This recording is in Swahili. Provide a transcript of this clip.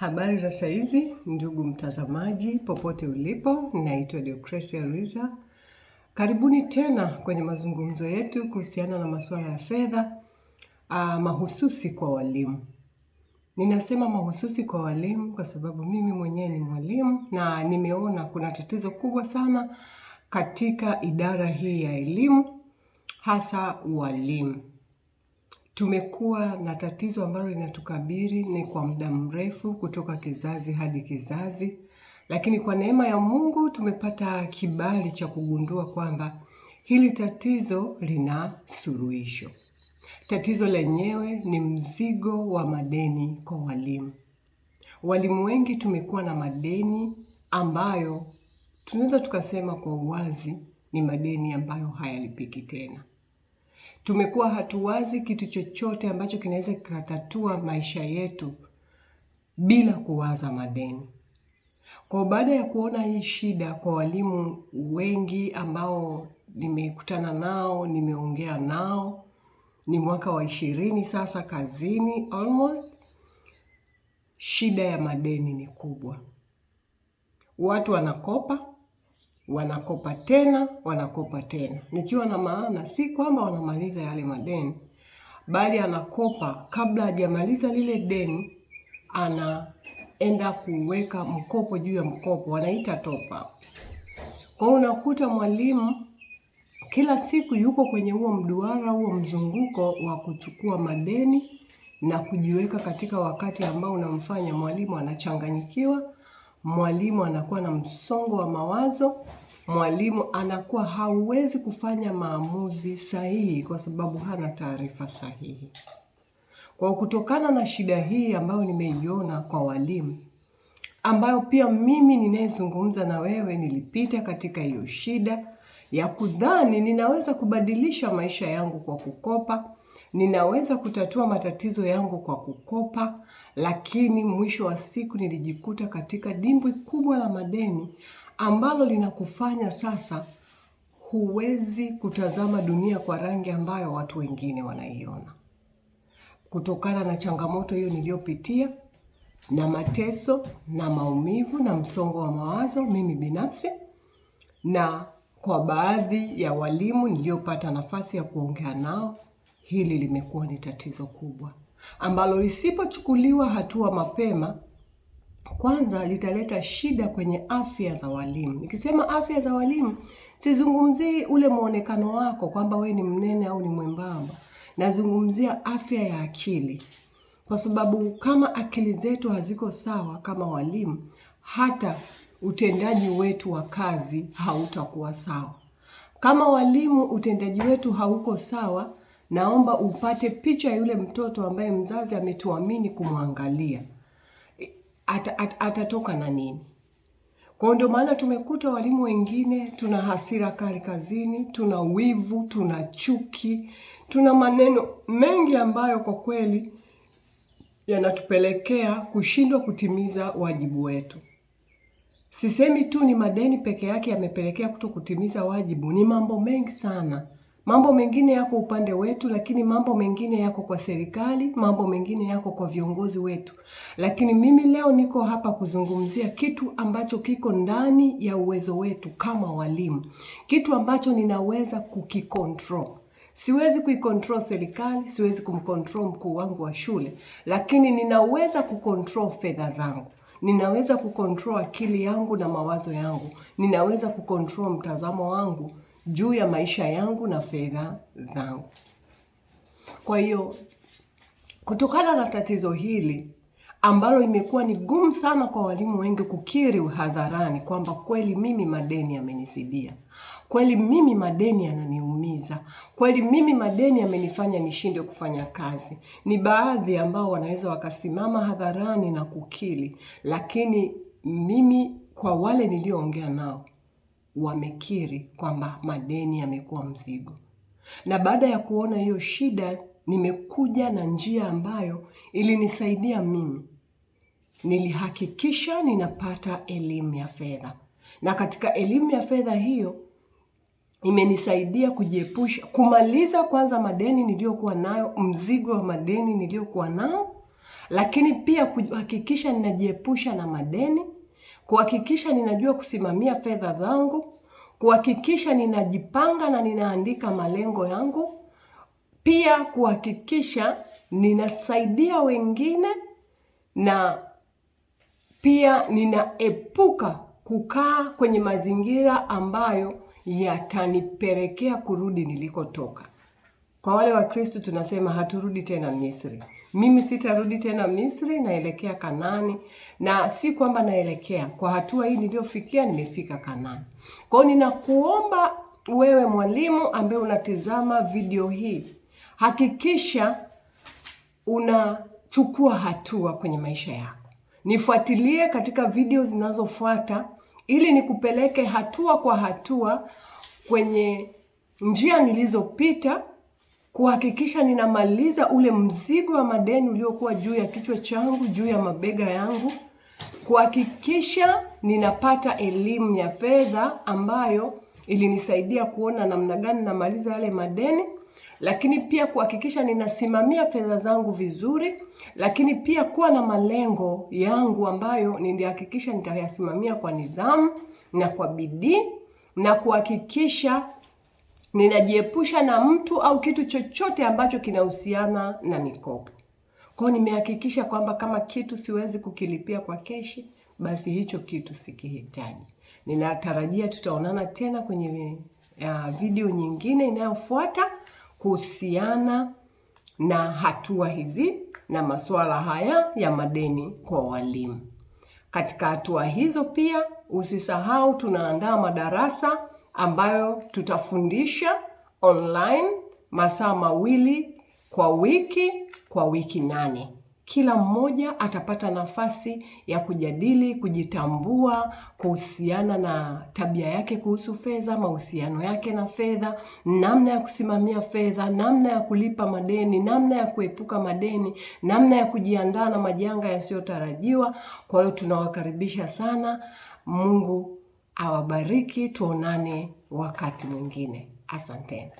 Habari za saizi ndugu mtazamaji, popote ulipo, naitwa Deocracia Ruiza. Karibuni tena kwenye mazungumzo yetu kuhusiana na masuala ya fedha uh, mahususi kwa walimu. Ninasema mahususi kwa walimu kwa sababu mimi mwenyewe ni mwalimu na nimeona kuna tatizo kubwa sana katika idara hii ya elimu, hasa walimu. Tumekuwa na tatizo ambalo linatukabiri ni kwa muda mrefu kutoka kizazi hadi kizazi, lakini kwa neema ya Mungu tumepata kibali cha kugundua kwamba hili tatizo lina suluhisho. Tatizo lenyewe ni mzigo wa madeni kwa walimu. Walimu wengi tumekuwa na madeni ambayo tunaweza tukasema kwa uwazi ni madeni ambayo hayalipiki tena tumekuwa hatuwazi kitu chochote ambacho kinaweza kikatatua maisha yetu bila kuwaza madeni. Kwa baada ya kuona hii shida kwa walimu wengi ambao nimekutana nao, nimeongea nao, ni mwaka wa ishirini sasa kazini almost, shida ya madeni ni kubwa. Watu wanakopa wanakopa tena, wanakopa tena, nikiwa na maana si kwamba wanamaliza yale madeni, bali anakopa kabla hajamaliza lile deni, anaenda kuweka mkopo juu ya mkopo, wanaita top up. Kwa hiyo unakuta mwalimu kila siku yuko kwenye huo mduara, huo mzunguko wa kuchukua madeni na kujiweka katika wakati ambao unamfanya mwalimu anachanganyikiwa, mwalimu anakuwa na msongo wa mawazo mwalimu anakuwa hauwezi kufanya maamuzi sahihi kwa sababu hana taarifa sahihi. Kwa kutokana na shida hii ambayo nimeiona kwa walimu, ambayo pia mimi ninayezungumza na wewe nilipita katika hiyo shida ya kudhani ninaweza kubadilisha maisha yangu kwa kukopa, ninaweza kutatua matatizo yangu kwa kukopa, lakini mwisho wa siku nilijikuta katika dimbwi kubwa la madeni ambalo linakufanya sasa huwezi kutazama dunia kwa rangi ambayo watu wengine wanaiona. Kutokana na changamoto hiyo niliyopitia na mateso na maumivu na msongo wa mawazo mimi binafsi, na kwa baadhi ya walimu niliyopata nafasi ya kuongea nao, hili limekuwa ni tatizo kubwa ambalo lisipochukuliwa hatua mapema kwanza litaleta shida kwenye afya za walimu. Nikisema afya za walimu, sizungumzii ule mwonekano wako kwamba we ni mnene au ni mwembamba, nazungumzia afya ya akili, kwa sababu kama akili zetu haziko sawa kama walimu, hata utendaji wetu wa kazi hautakuwa sawa. Kama walimu utendaji wetu hauko sawa, naomba upate picha yule mtoto ambaye mzazi ametuamini kumwangalia ata, at, atatoka na nini? Kwa hiyo ndio maana tumekuta walimu wengine tuna hasira kali kazini, tuna wivu, tuna chuki, tuna maneno mengi ambayo kwa kweli yanatupelekea kushindwa kutimiza wajibu wetu. Sisemi tu ni madeni peke yake yamepelekea kuto kutimiza wajibu, ni mambo mengi sana. Mambo mengine yako upande wetu, lakini mambo mengine yako kwa serikali, mambo mengine yako kwa viongozi wetu. Lakini mimi leo niko hapa kuzungumzia kitu ambacho kiko ndani ya uwezo wetu kama walimu, kitu ambacho ninaweza kukikontrol. Siwezi kuikontrol serikali, siwezi kumkontrol mkuu wangu wa shule, lakini ninaweza kukontrol fedha zangu ninaweza kukontrol akili yangu na mawazo yangu, ninaweza kukontrol mtazamo wangu juu ya maisha yangu na fedha zangu. Kwa hiyo kutokana na tatizo hili ambalo imekuwa ni gumu sana kwa walimu wengi kukiri hadharani kwamba kweli mimi madeni yamenizidia, kweli mimi madeni yananiumiza, kweli mimi madeni yamenifanya nishinde kufanya kazi. Ni baadhi ambao wanaweza wakasimama hadharani na kukiri, lakini mimi kwa wale niliyoongea nao wamekiri kwamba madeni yamekuwa mzigo, na baada ya kuona hiyo shida, nimekuja na njia ambayo ilinisaidia mimi. Nilihakikisha ninapata elimu ya fedha, na katika elimu ya fedha hiyo imenisaidia kujiepusha, kumaliza kwanza madeni niliyokuwa nayo, mzigo wa madeni niliyokuwa nao, lakini pia kuhakikisha ninajiepusha na madeni kuhakikisha ninajua kusimamia fedha zangu, kuhakikisha ninajipanga na ninaandika malengo yangu, pia kuhakikisha ninasaidia wengine na pia ninaepuka kukaa kwenye mazingira ambayo yatanipelekea kurudi nilikotoka. Kwa wale Wakristo tunasema haturudi tena Misri mimi sitarudi tena Misri, naelekea Kanani. Na si kwamba naelekea, kwa hatua hii niliyofikia, nimefika Kanani. Kwa hiyo ninakuomba wewe mwalimu ambaye unatizama video hii, hakikisha unachukua hatua kwenye maisha yako. Nifuatilie katika video zinazofuata ili nikupeleke hatua kwa hatua kwenye njia nilizopita kuhakikisha ninamaliza ule mzigo wa madeni uliokuwa juu ya kichwa changu, juu ya mabega yangu, kuhakikisha ninapata elimu ya fedha ambayo ilinisaidia kuona namna gani namaliza yale madeni, lakini pia kuhakikisha ninasimamia fedha zangu vizuri, lakini pia kuwa na malengo yangu ambayo nilihakikisha nitayasimamia kwa nidhamu na kwa bidii na kuhakikisha ninajiepusha na mtu au kitu chochote ambacho kinahusiana na mikopo. Kwa hiyo nimehakikisha kwamba kama kitu siwezi kukilipia kwa keshi, basi hicho kitu sikihitaji. Ninatarajia tutaonana tena kwenye video nyingine inayofuata kuhusiana na hatua hizi na masuala haya ya madeni kwa walimu. Katika hatua hizo pia usisahau tunaandaa madarasa ambayo tutafundisha online masaa mawili kwa wiki kwa wiki nane. Kila mmoja atapata nafasi ya kujadili, kujitambua kuhusiana na tabia yake kuhusu fedha, mahusiano yake na fedha, namna ya kusimamia fedha, namna ya kulipa madeni, namna ya kuepuka madeni, namna ya kujiandaa na majanga yasiyotarajiwa. Kwa hiyo tunawakaribisha sana. Mungu awabariki. Tuonane wakati mwingine, asanteni.